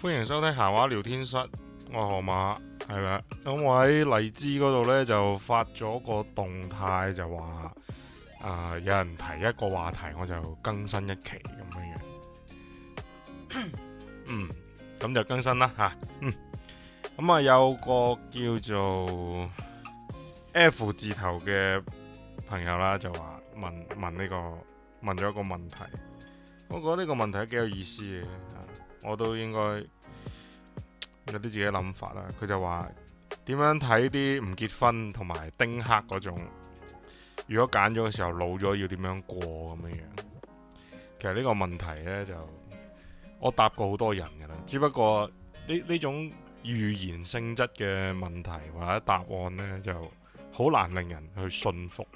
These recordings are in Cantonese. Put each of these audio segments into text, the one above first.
歡迎收聽閒話聊天室，我係河馬，係咪？咁我喺荔枝嗰度呢，就發咗個動態，就話誒、呃，有人提一個話題，我就更新一期咁樣樣。 嗯，咁就更新啦吓、啊。嗯，咁啊有個叫做 F 字頭嘅朋友啦，就話問問呢、呢個問咗一個問題，我覺得呢個問題都幾有意思嘅。我都應該有啲自己嘅諗法啦。佢就話點樣睇啲唔結婚同埋丁克嗰種，如果揀咗嘅時候老咗要點樣過咁樣樣？其實呢個問題呢，就我答過好多人噶啦，只不過呢呢種預言性質嘅問題或者答案呢，就好難令人去信服，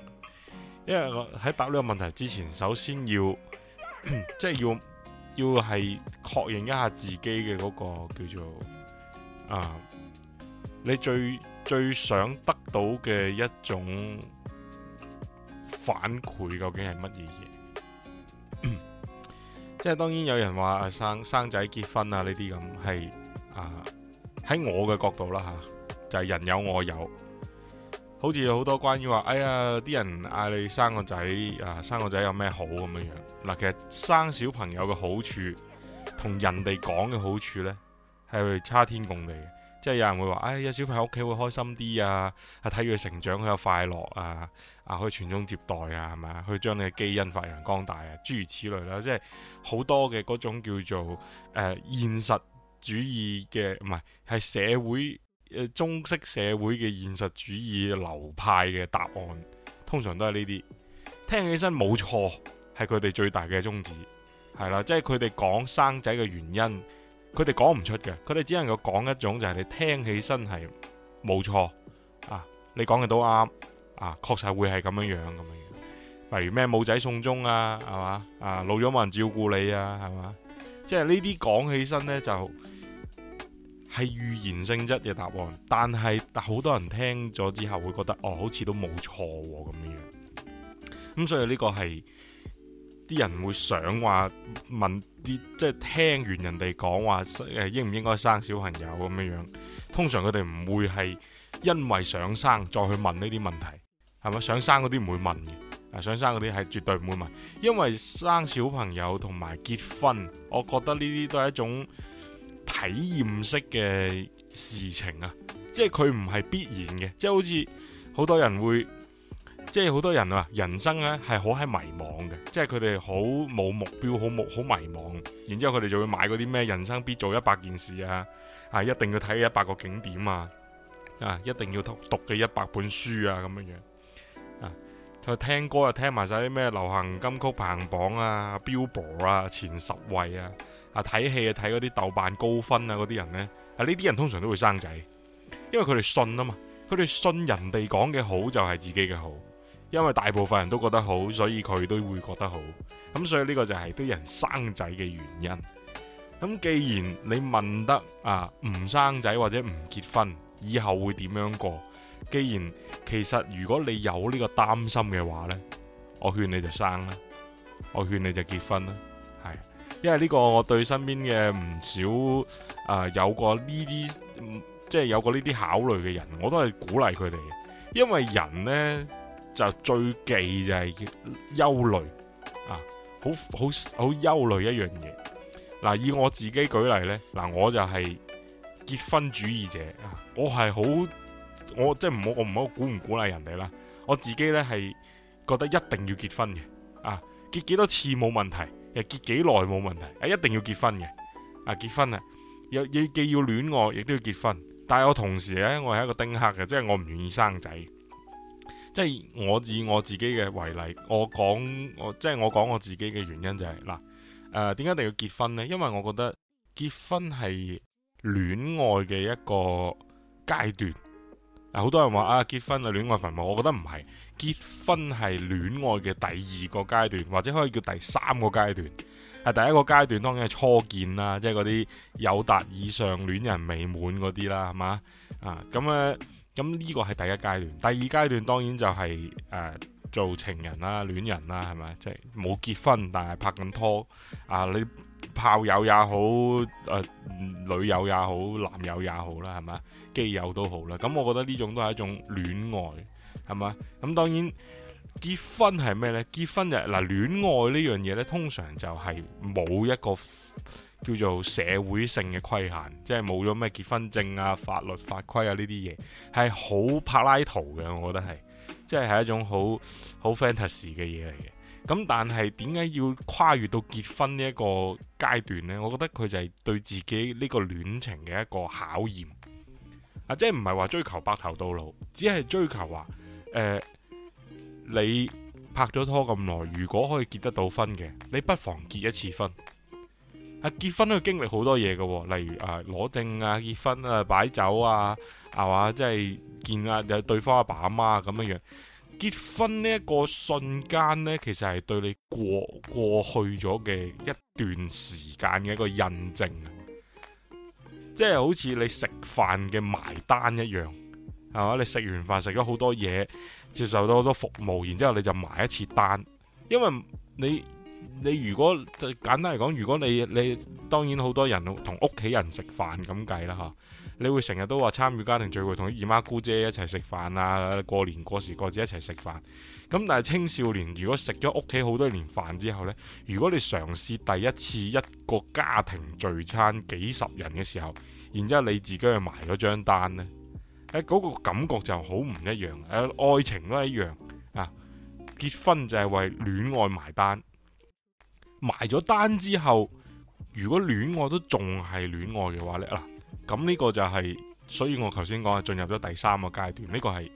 因為我喺答呢個問題之前，首先要即係、 就是、要。要係確認一下自己嘅嗰、那個叫做啊，你最最想得到嘅一種反饋究竟係乜嘢嘢？即係 當然有人話、啊、生生仔結婚啊呢啲咁係啊喺我嘅角度啦吓，就係、是、人有我有，好似有好多關於話哎呀啲人嗌你生個仔啊，生個仔有咩好咁樣樣。嗱，其實生小朋友嘅好處，同人哋講嘅好處呢，係差天共地嘅。即係有人會話：唉、哎，有小朋友屋企會開心啲啊，啊睇佢成長佢有快樂啊，啊可以傳宗接代啊，係咪啊？去將你嘅基因發揚光大啊，諸如此類啦、啊。即係好多嘅嗰種叫做誒、呃、現實主義嘅，唔係係社會誒、呃、中式社會嘅現實主義流派嘅答案，通常都係呢啲，聽起身冇錯。係佢哋最大嘅宗旨，係啦，即係佢哋講生仔嘅原因，佢哋講唔出嘅，佢哋只能夠講一種，就係你聽起身係冇錯啊，你講嘅都啱啊，確實會係咁樣樣咁樣樣，例如咩冇仔送終啊，係嘛啊，老咗冇人照顧你啊，係嘛，即係呢啲講起身呢，就係預言性質嘅答案，但係好多人聽咗之後會覺得哦，好似都冇錯咁樣樣，咁、嗯、所以呢個係。啲人會想話問啲，即係聽完人哋講話，誒應唔應該生小朋友咁樣樣。通常佢哋唔會係因為想生再去問呢啲問題，係咪想生嗰啲唔會問嘅？啊，想生嗰啲係絕對唔會問，因為生小朋友同埋結婚，我覺得呢啲都係一種體驗式嘅事情啊！即係佢唔係必然嘅，即係好似好多人會。即係好多人啊，人生咧係好喺迷茫嘅，即係佢哋好冇目標，好冇好迷茫。然之後佢哋就會買嗰啲咩人生必做一百件事啊，啊一定要睇一百個景點啊，啊一定要讀讀嘅一百本書啊咁樣樣啊。再聽歌啊，聽埋晒啲咩流行金曲排行榜啊，Billboard 啊前十位啊，啊睇戲啊睇嗰啲豆瓣高分啊嗰啲人呢。啊呢啲人通常都會生仔，因為佢哋信啊嘛，佢哋信人哋講嘅好就係自己嘅好。因為大部分人都覺得好，所以佢都會覺得好咁，所以呢個就係對人生仔嘅原因。咁既然你問得啊，唔生仔或者唔結婚，以後會點樣過？既然其實如果你有呢個擔心嘅話呢，我勸你就生啦，我勸你就結婚啦，係因為呢個我對身邊嘅唔少啊，有過呢啲即係有過呢啲考慮嘅人，我都係鼓勵佢哋，因為人呢。就最忌就係憂慮啊！好好好憂慮一樣嘢。嗱，以我自己舉例呢，嗱，我就係結婚主義者啊！我係好，我即係唔好，我唔好鼓唔鼓勵人哋啦。我自己呢，係覺得一定要結婚嘅啊！結幾多次冇問題，又結幾耐冇問題，啊一定要結婚嘅啊！結婚啊，又亦既要戀愛，亦都要結婚。但係我同時呢，我係一個丁克嘅，即係我唔願意生仔。即係我以我自己嘅為例，我講我即係我講我自己嘅原因就係、是、嗱，誒點解一定要結婚呢？因為我覺得結婚係戀愛嘅一個階段。好、啊、多人話啊，結婚啊戀愛墳墓，我覺得唔係，結婚係戀愛嘅第二個階段，或者可以叫第三個階段。係、啊、第一個階段當然係初見啦，即係嗰啲有達以上戀人未滿嗰啲啦，係嘛啊咁誒。咁呢個係第一階段，第二階段當然就係、是、誒、呃、做情人啦、戀人啦，係咪？即係冇結婚但係拍緊拖啊、呃！你炮友也好，誒、呃、女友也好，男友也好啦，係咪？基友都好啦。咁、嗯、我覺得呢種都係一種戀愛，係咪啊？咁、嗯、當然結婚係咩呢？結婚就嗱、是呃、戀愛呢樣嘢呢，通常就係冇一個叫做社會性嘅規限，即係冇咗咩結婚證啊、法律法規啊呢啲嘢，係好柏拉圖嘅，我覺得係，即係係一種好好 fantasy 嘅嘢嚟嘅。咁但係點解要跨越到結婚呢一個階段呢？我覺得佢就係對自己呢個戀情嘅一個考驗啊！即係唔係話追求白頭到老，只係追求話誒、呃、你拍咗拖咁耐，如果可以結得到婚嘅，你不妨結一次婚。哦、啊，啊，結婚咧，經歷好多嘢嘅，例如啊攞證啊、結婚啊、擺酒啊，係嘛？即係見啊，又對方阿爸阿媽咁樣樣。結婚呢一個瞬間呢，其實係對你過過去咗嘅一段時間嘅一個印證，即係好似你食飯嘅埋單一樣，係嘛？你食完飯食咗好多嘢，接受到好多服務，然之後你就埋一次單，因為你。你如果簡單嚟講，如果你你當然好多人同屋企人食飯咁計啦，嚇，你會成日都話參與家庭聚會，同姨媽姑姐一齊食飯啊。過年過時過節一齊食飯咁，但係青少年如果食咗屋企好多年飯之後呢，如果你嘗試第一次一個家庭聚餐幾十人嘅時候，然之後你自己去埋嗰張單呢，誒，嗰個感覺就好唔一樣。誒，愛情都一樣啊，結婚就係為戀愛埋單。埋咗單之後，如果戀愛都仲係戀愛嘅話呢，嗱咁呢個就係、是，所以我頭先講係進入咗第三個階段。呢、這個係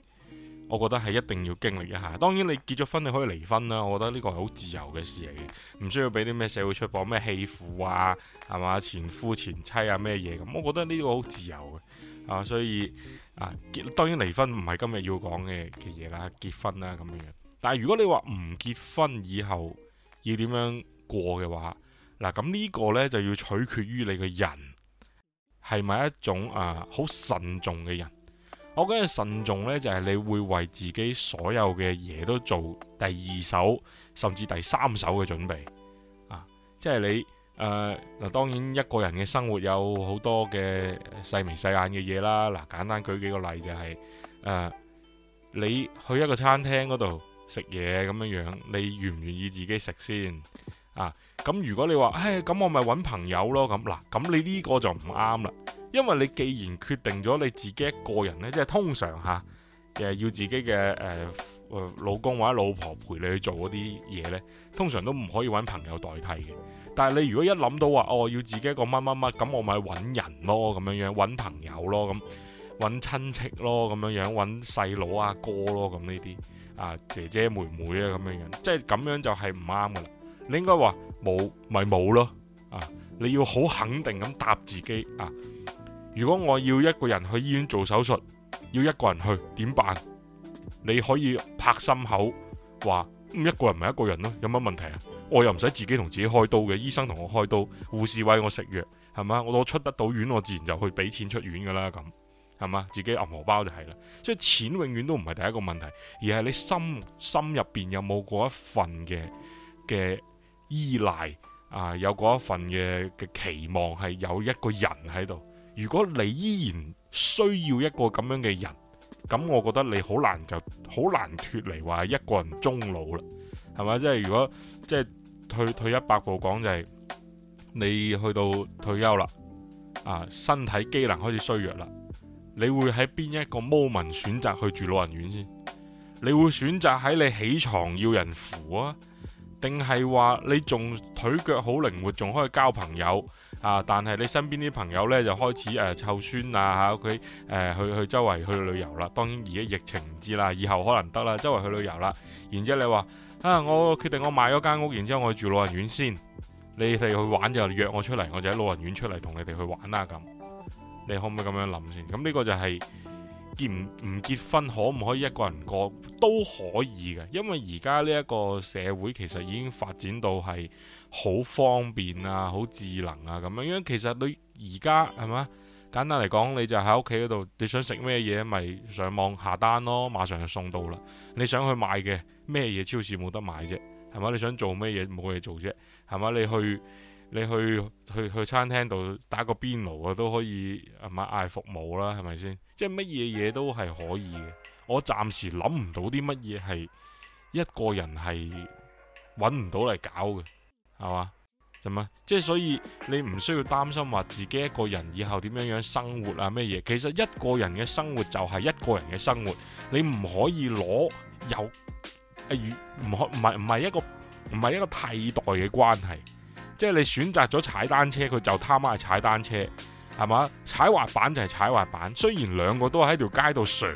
我覺得係一定要經歷一下。當然你結咗婚你可以離婚啦，我覺得呢個係好自由嘅事嚟嘅，唔需要俾啲咩社會出波咩棄婦啊，係嘛，前夫前妻啊咩嘢咁。我覺得呢個好自由嘅啊，所以啊結，當然離婚唔係今日要講嘅嘅嘢啦，結婚啦咁樣樣。但係如果你話唔結婚以後要點樣？過嘅話，嗱咁呢個呢，就要取決於你嘅人係咪一種啊好、呃、慎重嘅人。我覺得慎重呢，就係、是、你會為自己所有嘅嘢都做第二手甚至第三手嘅準備啊！即係你誒嗱、呃，當然一個人嘅生活有好多嘅細眉細眼嘅嘢啦。嗱、呃，簡單舉幾個例就係、是、誒、呃，你去一個餐廳嗰度食嘢咁樣樣，你願唔願意自己食先？啊，咁如果你話，唉，咁我咪揾朋友咯，咁、啊、嗱，咁你呢個就唔啱啦，因為你既然決定咗你自己一個人呢，即係通常吓，誒、啊、要自己嘅誒、呃、老公或者老婆陪你去做嗰啲嘢呢，通常都唔可以揾朋友代替嘅。但係你如果一諗到話，哦，要自己一個乜乜乜，咁我咪揾人咯，咁樣樣揾朋友咯，咁揾親戚咯，咁樣樣揾細佬啊哥咯，咁呢啲啊姐姐妹妹啊咁樣樣，即係咁樣就係唔啱噶啦。你應該話冇咪冇咯啊！你要好肯定咁答自己啊！如果我要一個人去醫院做手術，要一個人去點辦？你可以拍心口話、嗯：一個人咪一個人咯，有乜問題啊？我又唔使自己同自己開刀嘅，醫生同我開刀，護士餵我食藥，係嘛？我都出得到院，我自然就去俾錢出院噶啦，咁係嘛？自己揼荷包就係啦。所以錢永遠都唔係第一個問題，而係你心心入邊有冇嗰一份嘅嘅依賴啊，有嗰一份嘅嘅期望係有一個人喺度。如果你依然需要一個咁樣嘅人，咁我覺得你好難就好難脫離話一個人終老啦，係咪？即係如果即係退退一百步講、就係，就係你去到退休啦，啊，身體機能開始衰弱啦，你會喺邊一個 moment 選擇去住老人院先？你會選擇喺你起床要人扶啊？定係話你仲腿腳好靈活，仲可以交朋友啊！但係你身邊啲朋友呢，就開始誒臭酸啊，佢、啊、誒、呃、去去周圍去旅遊啦。當然而家疫情唔知啦，以後可能得啦，周圍去旅遊啦。然之後你話啊，我決定我買咗間屋，然之後我去住老人院先。你哋去玩就約我出嚟，我就喺老人院出嚟同你哋去玩啦。咁你可唔可以咁樣諗先？咁呢個就係、是。結唔唔結婚，可唔可以一個人過，都可以嘅。因為而家呢一個社會其實已經發展到係好方便啊，好智能啊咁樣。因為其實你而家係嘛，簡單嚟講，你就喺屋企嗰度，你想食咩嘢，咪上網下單咯，馬上就送到啦。你想去買嘅咩嘢，超市冇得買啫，係嘛？你想做咩嘢冇嘢做啫，係嘛？你去。你去去去餐廳度打個邊爐啊，都可以啊，買嗌服務啦，係咪先？即係乜嘢嘢都係可以嘅。我暫時諗唔到啲乜嘢係一個人係揾唔到嚟搞嘅，係嘛？咁啊，即係所以你唔需要擔心話自己一個人以後點樣樣生活啊咩嘢。其實一個人嘅生活就係一個人嘅生活，你唔可以攞有啊如唔可唔係唔係一個，唔係一個替代嘅關係。即係你選擇咗踩單車，佢就他媽係踩單車，係嘛？踩滑板就係踩滑板。雖然兩個都喺條街度上，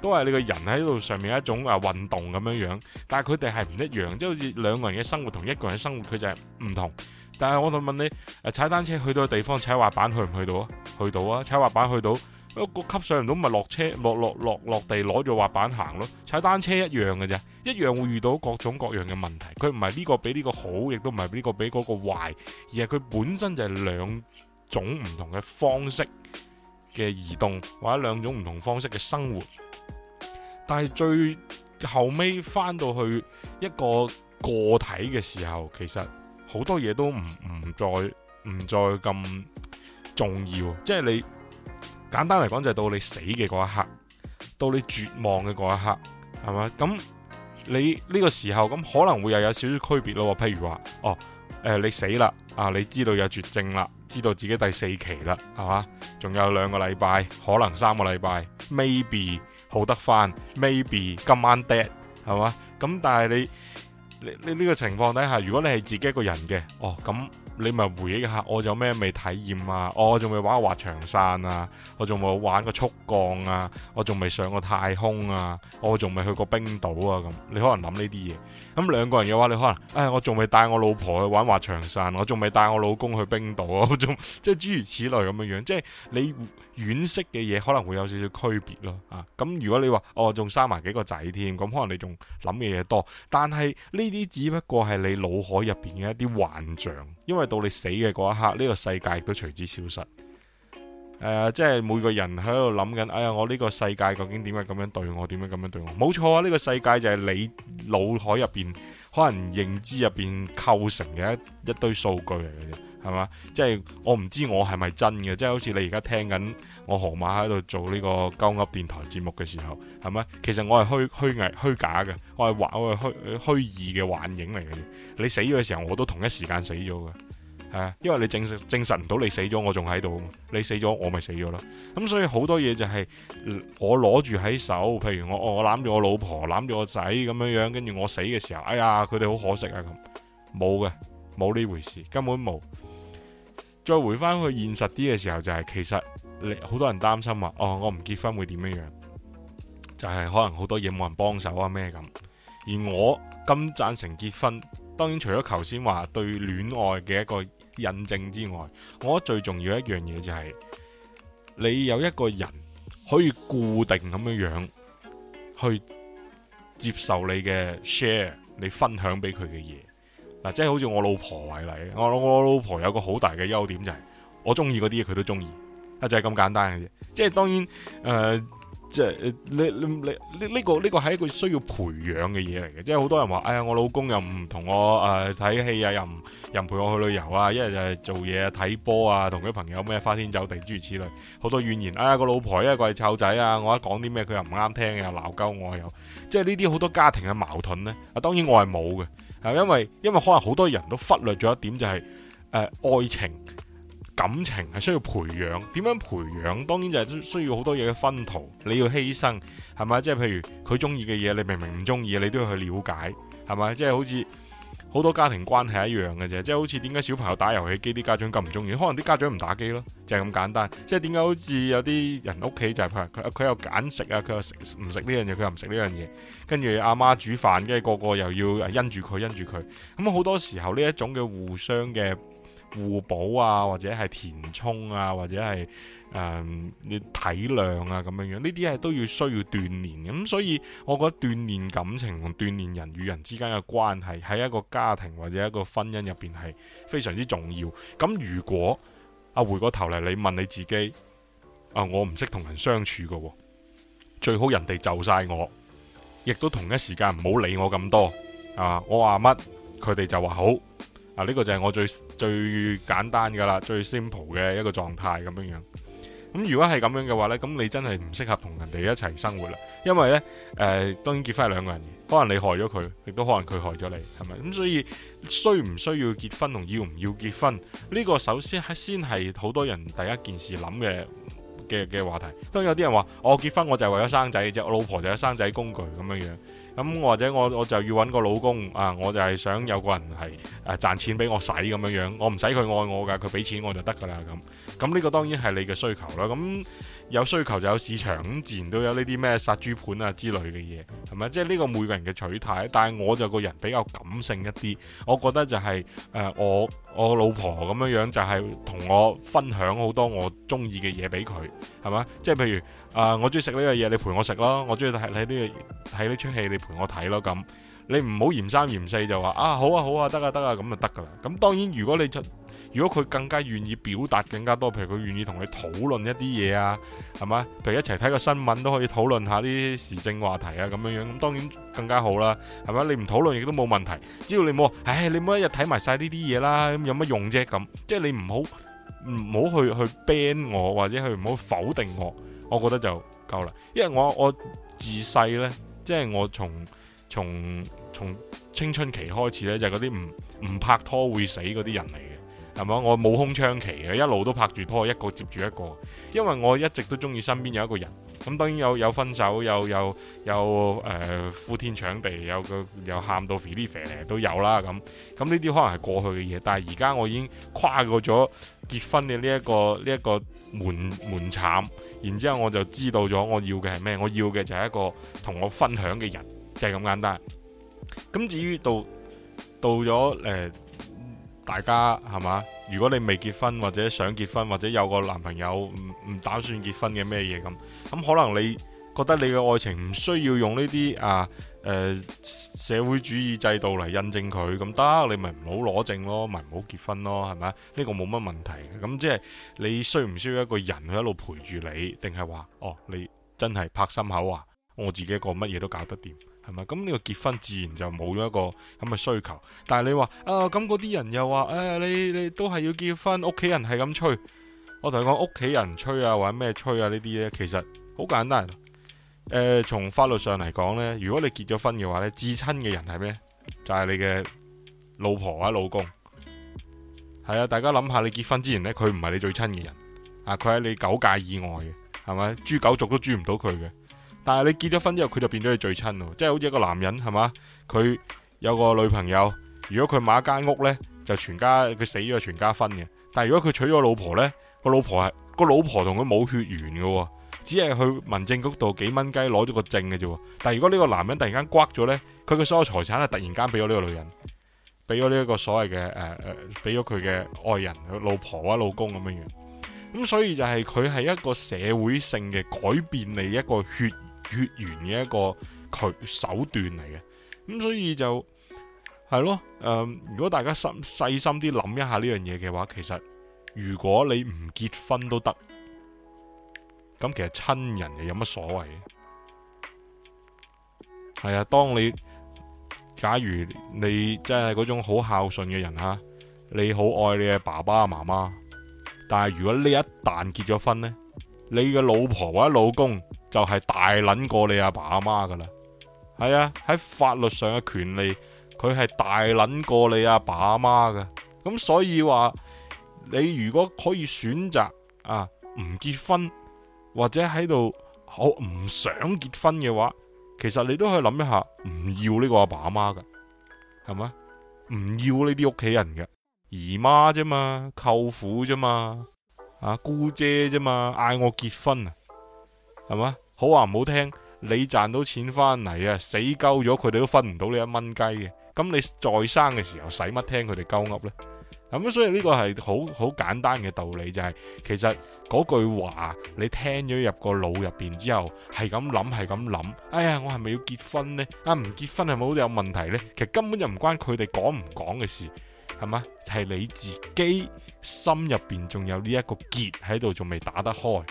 都係你個人喺度上面一種啊運動咁樣樣，但係佢哋係唔一樣。即係好似兩個人嘅生活同一個人嘅生活，佢就係唔同。但係我想問你，踩單車去到嘅地方，踩滑板去唔去到啊？去到啊！踩滑板去到。個級上唔到咪落車落落落落地攞住滑板行咯，踩單車一樣嘅啫，一樣會遇到各種各樣嘅問題。佢唔係呢個比呢個好，亦都唔係呢個比嗰個壞，而係佢本身就係兩種唔同嘅方式嘅移動，或者兩種唔同方式嘅生活。但係最後尾翻到去一個個體嘅時候，其實好多嘢都唔唔再唔再咁重要，即係你。簡單嚟講就係到你死嘅嗰一刻，到你絕望嘅嗰一刻，係嘛？咁你呢個時候咁可能會又有少少區別咯。譬如話，哦，誒、呃，你死啦啊，你知道有絕症啦，知道自己第四期啦，係嘛？仲有兩個禮拜，可能三個禮拜，maybe 好得翻，maybe 今晚 dead，係嘛？咁但係你你你呢個情況底下，如果你係自己一個人嘅，哦咁。你咪回憶下，我有咩未體驗啊？Oh, 我仲未玩滑長山啊？我仲冇玩過速降啊？我仲未上過太空啊？我仲未去過冰島啊？咁你可能諗呢啲嘢。咁兩個人嘅話，你可能，唉、哎，我仲未帶我老婆去玩滑長山，我仲未帶我老公去冰島，我仲即係諸如此類咁嘅樣，即係你。遠式嘅嘢可能會有少少區別咯，啊，咁如果你話哦，仲生埋幾個仔添，咁、嗯、可能你仲諗嘅嘢多，但係呢啲只不過係你腦海入邊嘅一啲幻象，因為到你死嘅嗰一刻，呢個世界都隨之消失。呃、即係每個人喺度諗緊，哎呀，我呢個世界究竟點解咁樣對我，點樣咁樣對我？冇錯啊，呢個世界就係你腦海入邊，可能認知入邊構成嘅一一堆數據嚟嘅。係嘛？即係我唔知我係咪真嘅，即係好似你而家聽緊我河馬喺度做呢個鳩噏電台節目嘅時候，係咪？其實我係虛虛偽虛假嘅，我係話，我係虛虛擬嘅幻影嚟嘅。你死咗嘅時候，我都同一時間死咗嘅，係啊！因為你證實證實唔到你死咗，我仲喺度。你死咗，我咪死咗啦。咁所以好多嘢就係、是，我攞住喺手，譬如我我攬住我老婆，攬住我仔咁樣樣，跟住我死嘅時候，哎呀，佢哋好可惜啊！咁冇嘅，冇呢回事，根本冇。再回翻去現實啲嘅時候，就係其實你好多人擔心話，哦，我唔結婚會點樣樣？就係可能好多嘢冇人幫手啊咩咁。而我咁贊成結婚，當然除咗頭先話對戀愛嘅一個印證之外，我覺得最重要一樣嘢就係你有一個人可以固定咁樣樣去接受你嘅 share，你分享俾佢嘅嘢。即係好似我老婆為例，我我老婆有個好大嘅優點就係，我中意嗰啲嘢佢都中意，啊就係咁簡單嘅啫。即係當然誒。呃即係你你你呢呢、這個呢、這個係一個需要培養嘅嘢嚟嘅，即係好多人話，哎呀我老公又唔同我誒睇戲啊，又唔又唔陪我去旅遊啊，一係就係做嘢睇波啊，同佢朋友咩花天酒地諸如此類，好多怨言，哎呀個老婆因為佢係湊仔啊，我一講啲咩佢又唔啱聽，又鬧交，我又即係呢啲好多家庭嘅矛盾呢，啊，當然我係冇嘅，係、啊、因為因為可能好多人都忽略咗一點就係、是、誒、啊、愛情。感情係需要培養，點樣培養？當然就係需要好多嘢嘅分途，你要犧牲係咪？即係譬如佢中意嘅嘢，你明明唔中意，你都要去了解係咪？即係好似好多家庭關係一樣嘅啫。即係好似點解小朋友打遊戲機，啲家長咁唔中意？可能啲家長唔打機咯，就係咁簡單。即係點解好似有啲人屋企就係佢佢佢又揀食啊，佢又食唔食呢樣嘢，佢又唔食呢樣嘢。跟住阿媽煮飯，跟住個個又要因住佢因住佢。咁好多時候呢一種嘅互相嘅互補啊，或者係填充啊，或者係誒，你、嗯、體諒啊，咁樣樣呢啲係都要需要鍛煉咁，所以我覺得鍛煉感情同鍛煉人與人之間嘅關係，喺一個家庭或者一個婚姻入邊係非常之重要。咁如果阿回過頭嚟，你問你自己啊、呃，我唔識同人相處嘅，最好人哋就晒我，亦都同一時間唔好理我咁多啊，我話乜佢哋就話好。嗱，呢、啊，這個就係我最最簡單噶啦，最 simple 嘅一個狀態咁樣樣。咁、嗯、如果係咁樣嘅話呢，咁你真係唔適合同人哋一齊生活啦。因為呢，誒、呃、當然結婚係兩個人嘅，可能你害咗佢，亦都可能佢害咗你，係咪？咁、嗯、所以需唔需要結婚同要唔要結婚呢、這個，首先係先係好多人第一件事諗嘅嘅嘅話題。當然有啲人話，我結婚我就係為咗生仔啫，我老婆就有生仔工具咁樣樣。咁或者我我就要揾個老公啊，我就係想有個人係誒、啊、賺錢俾我使咁樣樣，樣我唔使佢愛我㗎，佢俾錢我就得㗎啦咁。咁呢個當然係你嘅需求啦。咁。有需求就有市場，咁自然都有呢啲咩殺豬盤啊之類嘅嘢，係咪？即係呢個每個人嘅取態。但係我就個人比較感性一啲，我覺得就係、是、誒、呃、我我老婆咁樣樣就係同我分享好多我中意嘅嘢俾佢，係咪？即係譬如啊、呃，我中意食呢個嘢，你陪我食咯；我中意睇睇呢個睇呢出戲，你陪我睇咯。咁你唔好嫌三嫌四就話啊，好啊好啊，得啊得啊，咁、啊啊、就得噶啦。咁當然如果你出如果佢更加願意表達更加多，譬如佢願意同你討論一啲嘢啊，係嘛？譬如一齊睇個新聞都可以討論下啲時政話題啊，咁樣樣咁當然更加好啦，係咪？你唔討論亦都冇問題，只要你冇，好唉，你冇一日睇埋晒呢啲嘢啦，咁有乜用啫？咁即係你唔好唔好去去 ban 我，或者去唔好否定我，我覺得就夠啦。因為我我自細呢，即係我從從從青春期開始呢，就係嗰啲唔唔拍拖會死嗰啲人嚟。係咪我冇空窗期嘅，一路都拍住拖，一個接住一個。因為我一直都中意身邊有一個人。咁當然有有分手，有有有誒、呃，呼天搶地，有個又喊到肥肥啡都有啦。咁咁呢啲可能係過去嘅嘢，但係而家我已經跨過咗結婚嘅呢一個呢一、這個門門檻。然之後我就知道咗我要嘅係咩？我要嘅就係一個同我分享嘅人，就係、是、咁簡單。咁至於到到咗誒。呃大家係嘛？如果你未結婚，或者想結婚，或者有個男朋友，唔唔打算結婚嘅咩嘢咁，咁可能你覺得你嘅愛情唔需要用呢啲啊誒、呃、社會主義制度嚟印證佢，咁得你咪唔好攞證咯，咪唔好結婚咯，係咪？呢個冇乜問題。咁即係你需唔需要一個人去一路陪住你？定係話哦，你真係拍心口話，我自己一個乜嘢都搞得掂。係咪咁呢個結婚自然就冇咗一個咁嘅需求？但係你話啊，咁嗰啲人又話，誒、哎，你你都係要結婚，屋企人係咁催。我同你講，屋企人催啊，或者咩催啊呢啲呢，其實好簡單。誒、呃，從法律上嚟講呢，如果你結咗婚嘅話呢，至親嘅人係咩？就係、是、你嘅老婆或者老公。係啊，大家諗下，你結婚之前呢，佢唔係你最親嘅人啊，佢喺你九界以外嘅，係咪？誅九族都誅唔到佢嘅。但係你結咗婚之後，佢就變咗你最親咯，即係好似一個男人係嘛，佢有個女朋友，如果佢買一間屋呢，就全家佢死咗，全家分嘅。但係如果佢娶咗老婆呢，個老婆係個老婆同佢冇血緣嘅，哦，只係去民政局度幾蚊雞攞咗個證嘅啫。但係如果呢個男人突然間刮咗呢，佢嘅所有財產係突然間俾咗呢個女人，俾咗呢一個所謂嘅誒誒，俾咗佢嘅愛人老婆啊老公咁樣樣。咁所以就係佢係一個社會性嘅改變，你一個血。血緣嘅一個佢手段嚟嘅，咁所以就係咯，誒、呃，如果大家細心細心啲諗一下呢樣嘢嘅話，其實如果你唔結婚都得，咁其實親人又有乜所謂？係啊，當你假如你真係嗰種好孝順嘅人吓，你好愛你嘅爸爸啊、媽媽，但係如果呢一旦結咗婚呢，你嘅老婆或者老公。就係大捻過你阿爸阿媽噶啦，係啊，喺法律上嘅權利，佢係大捻過你阿爸阿媽噶，咁所以話你如果可以選擇啊唔結婚或者喺度好唔想結婚嘅話，其實你都可以諗一下唔要呢個阿爸阿媽噶，係嘛？唔要呢啲屋企人嘅姨媽啫嘛，舅父啫嘛，啊姑姐啫嘛，嗌我結婚啊！係嘛？好話唔好聽，你賺到錢翻嚟啊，死鳩咗，佢哋都分唔到你一蚊雞嘅。咁你再生嘅時候使乜聽佢哋鳩噏咧？咁所以呢個係好好簡單嘅道理，就係，就係其實嗰句話你聽咗入個腦入邊之後，係咁諗，係咁諗。哎呀，我係咪要結婚呢？啊，唔結婚係咪好有問題呢？」其實根本就唔關佢哋講唔講嘅事，係嘛？係你自己心入邊仲有呢一個結喺度，仲未打得開。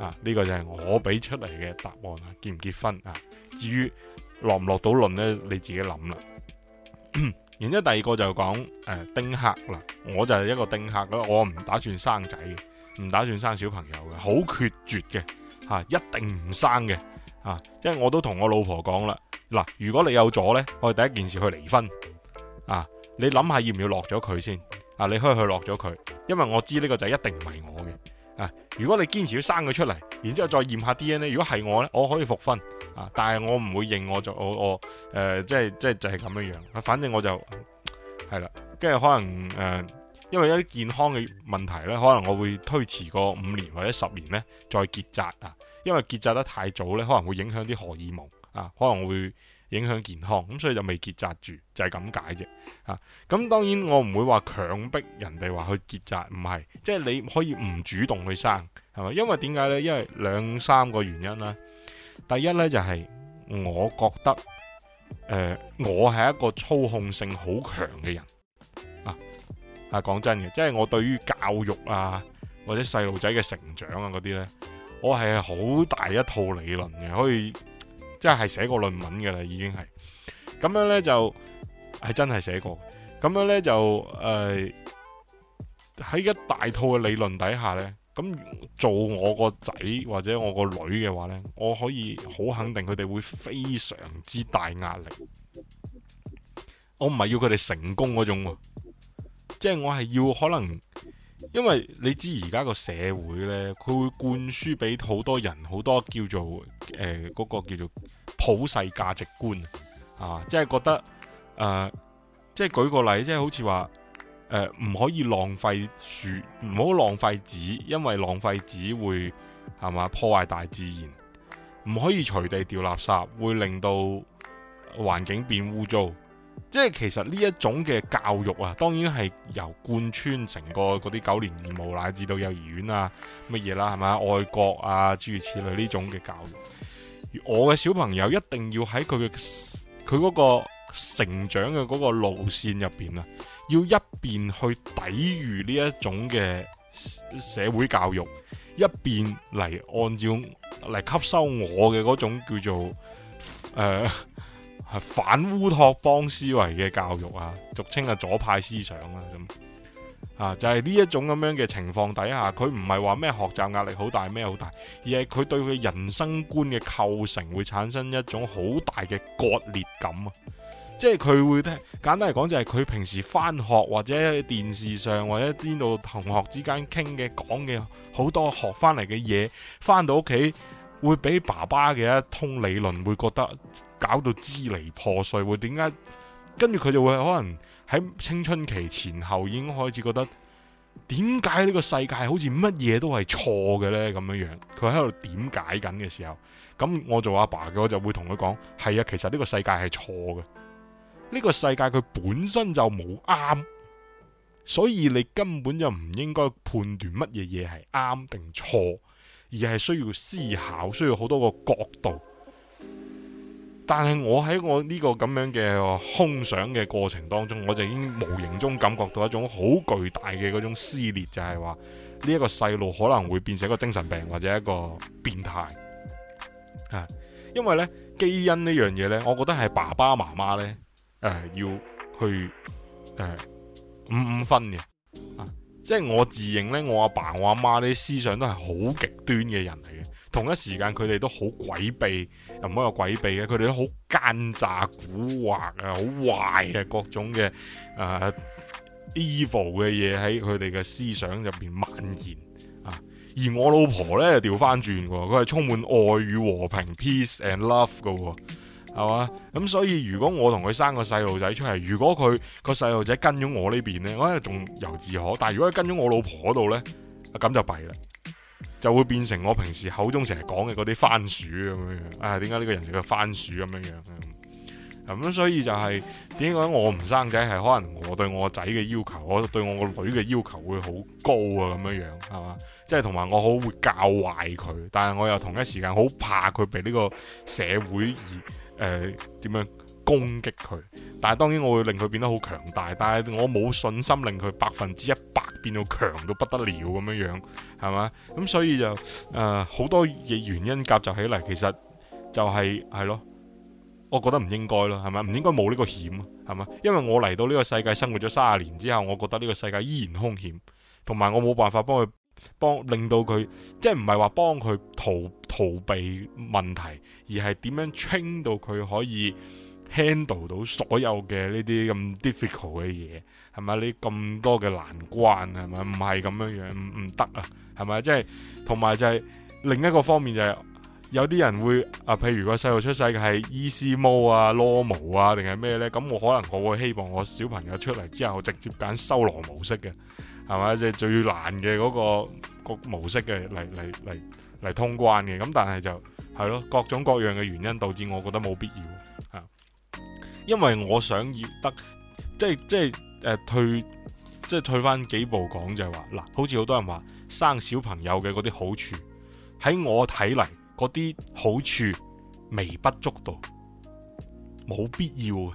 啊！呢個就係我俾出嚟嘅答案啊，結唔結婚啊？至於落唔落到論呢，你自己諗啦。 然之後第二個就講誒、呃、丁克啦，我就係一個丁克，我唔打算生仔嘅，唔打算生小朋友嘅，好決絕嘅吓、啊，一定唔生嘅啊！因為我都同我老婆講啦，嗱、啊，如果你有咗呢，我第一件事去離婚啊！你諗下要唔要落咗佢先啊？你可以去落咗佢，因為我知呢個仔一定唔係我嘅。如果你堅持要生佢出嚟，然之後再驗下 DNA，如果係我呢，我可以復婚啊，但係我唔會認我就我我誒，即係即係就係咁樣樣。反正我就係啦，跟住、呃、可能誒、呃，因為一啲健康嘅問題呢，可能我會推遲個五年或者十年呢，再結紮啊，因為結紮得太早呢，可能會影響啲荷爾蒙啊，可能會。影響健康，咁所以就未結紮住，就係咁解啫。吓、啊，咁當然我唔會話強迫人哋話去結紮，唔係，即係你可以唔主動去生，係咪？因為點解呢？因為兩三個原因啦。第一呢，就係我覺得，誒、呃，我係一個操控性好強嘅人啊。講真嘅，即係我對於教育啊或者細路仔嘅成長啊嗰啲呢，我係好大一套理論嘅，可以。即係寫過論文嘅啦，已經係咁樣呢，就係真係寫過，咁樣呢就誒喺、呃、一大套嘅理論底下呢，咁做我個仔或者我個女嘅話呢，我可以好肯定佢哋會非常之大壓力。我唔係要佢哋成功嗰種，即係我係要可能。因為你知而家個社會呢，佢會灌輸俾好多人好多叫做誒嗰、呃嗰個叫做普世價值觀啊，即係覺得誒、呃，即係舉個例，即係好似話唔可以浪費樹，唔好浪費紙，因為浪費紙會係嘛破壞大自然，唔可以隨地掉垃圾，會令到環境變污糟。即係其實呢一種嘅教育啊，當然係由貫穿成個嗰啲九年義務，乃至到幼兒園啊乜嘢啦，係咪愛國啊，諸如此類呢種嘅教育。我嘅小朋友一定要喺佢嘅佢嗰個成長嘅嗰個路線入邊啊，要一邊去抵禦呢一種嘅社會教育，一邊嚟，按照嚟吸收我嘅嗰種叫做誒。呃反烏托邦思維嘅教育啊，俗稱係左派思想啦，啊，咁啊就係呢一種咁樣嘅情況底下，佢唔係話咩學習壓力好大咩好大，而係佢對佢人生觀嘅構成會產生一種好大嘅割裂感啊！即係佢會聽，簡單嚟講就係佢平時翻學或者電視上或者邊度同學之間傾嘅講嘅好多學翻嚟嘅嘢，翻到屋企會俾爸爸嘅一通理論，會覺得，搞到支離破碎，會點解？跟住佢就會可能喺青春期前後已經開始覺得，「點解呢個世界好似乜嘢都係錯嘅呢？」咁樣樣，佢喺度點解緊嘅時候，咁我做阿爸嘅，我就會同佢講：係啊，其實呢個世界係錯嘅，呢個世界佢本身就冇啱，所以你根本就唔應該判斷乜嘢嘢係啱定錯，而係需要思考，需要好多個角度。但係我喺我呢個咁樣嘅空想嘅過程當中，我就已經無形中感覺到一種好巨大嘅嗰種撕裂，就係話呢一個細路可能會變成一個精神病或者一個變態、啊、因為呢基因呢樣嘢呢，我覺得係爸爸媽媽呢誒、呃、要去、呃、五五分嘅、啊、即係我自認呢，我阿爸、我阿媽呢思想都係好極端嘅人嚟嘅。同一時間佢哋都好詭秘，又唔可以話詭秘嘅，佢哋都好奸詐、蠱惑、啊，好壞嘅各種嘅啊、呃、evil 嘅嘢喺佢哋嘅思想入邊蔓延啊。而我老婆呢，調翻轉，佢係充滿愛與和平 （peace and love） 嘅、哦，係嘛？咁所以如果我同佢生個細路仔出嚟，如果佢、個細路仔跟咗我呢邊呢，我咧仲由自可；但係如果佢跟咗我老婆嗰度呢，啊咁就弊啦。就會變成我平時口中成日講嘅嗰啲番薯咁樣樣，啊點解呢個人食個番薯咁樣樣？咁、嗯嗯、所以就係點解我唔生仔係可能我對我個仔嘅要求，我對我個女嘅要求會好高啊咁樣樣係嘛？即係同埋我好會教壞佢，但係我又同一時間好怕佢被呢個社會而誒點樣？攻擊佢，但係當然我會令佢變得好強大，但係我冇信心令佢百分之一百變到強到不得了咁樣樣，係嘛？咁所以就誒好、呃、多嘢原因夾雜起嚟，其實就係、是、係咯，我覺得唔應該咯，係咪唔應該冇呢個險，係嘛？因為我嚟到呢個世界生活咗三十年之後，我覺得呢個世界依然凶險，同埋我冇辦法幫佢幫令到佢，即係唔係話幫佢逃逃避問題，而係點樣 train 到佢可以。handle 到所有嘅呢啲咁 difficult 嘅嘢，係咪？你咁多嘅難關係咪？唔係咁樣樣唔唔得啊？係咪？即係同埋就係、是就是、另一個方面就係、是、有啲人會啊，譬如個細路出世係 easy mode 啊、normal 啊定係咩呢？咁我可能我會希望我小朋友出嚟之後，我直接揀修羅模式嘅係咪？即係、就是、最難嘅嗰、那個那個模式嘅嚟嚟嚟通關嘅咁，但係就係咯各種各樣嘅原因導致我覺得冇必要嚇。因為我想要得，即係即係誒、呃、退，即係退翻幾步講就係、是、話，嗱，好似好多人話生小朋友嘅嗰啲好處喺我睇嚟，嗰啲好處微不足道，冇必要嘅。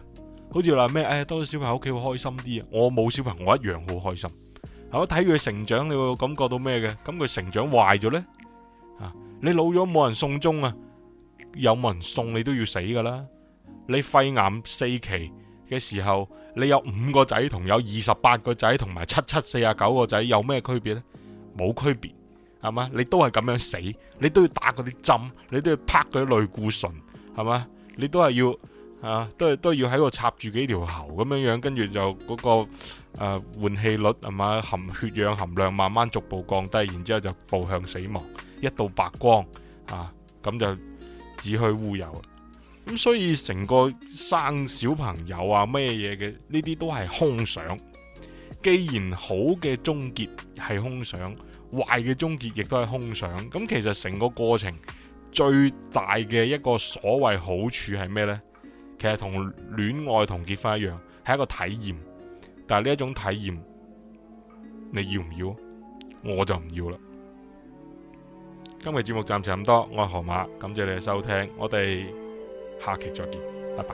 好似話咩，誒、哎、多咗小朋友屋企會開心啲啊，我冇小朋友我一樣好開心，係我睇佢成長你會感覺到咩嘅？咁佢成長壞咗呢、啊？你老咗冇人送終啊，有冇人送你都要死噶啦？你肺癌四期嘅時候，你有五個仔同有二十八個仔，同埋七七四十九個仔有咩區別呢？冇區別，係嘛？你都係咁樣死，你都要打嗰啲針，你都要拍嗰啲類固醇，係嘛？你都係要啊，都係都要喺度插住幾條喉咁樣樣，跟住就嗰個誒換氣率係嘛？含血氧含量慢慢逐步降低，然之後就步向死亡，一道白光啊，咁就子虛烏有。咁所以成個生小朋友啊咩嘢嘅呢啲都係空想。既然好嘅終結係空想，壞嘅終結亦都係空想。咁其實成個過程最大嘅一個所謂好處係咩呢？其實同戀愛同結婚一樣，係一個體驗。但係呢一種體驗，你要唔要？我就唔要啦。今日節目暫時咁多，我係何馬，感謝你嘅收聽，我哋。下期再見，拜拜。